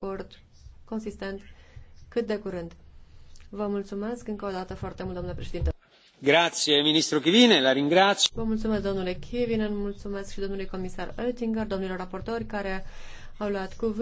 scurt, consistent, cât de curând. Vă mulțumesc încă o dată foarte mult, domnule președinte. Grazie, ministru Chivine, la ringrazio. Vă mulțumesc, domnule Chivine, mulțumesc și domnului comisar Oettinger, domnilor raportori care au luat cuvânt.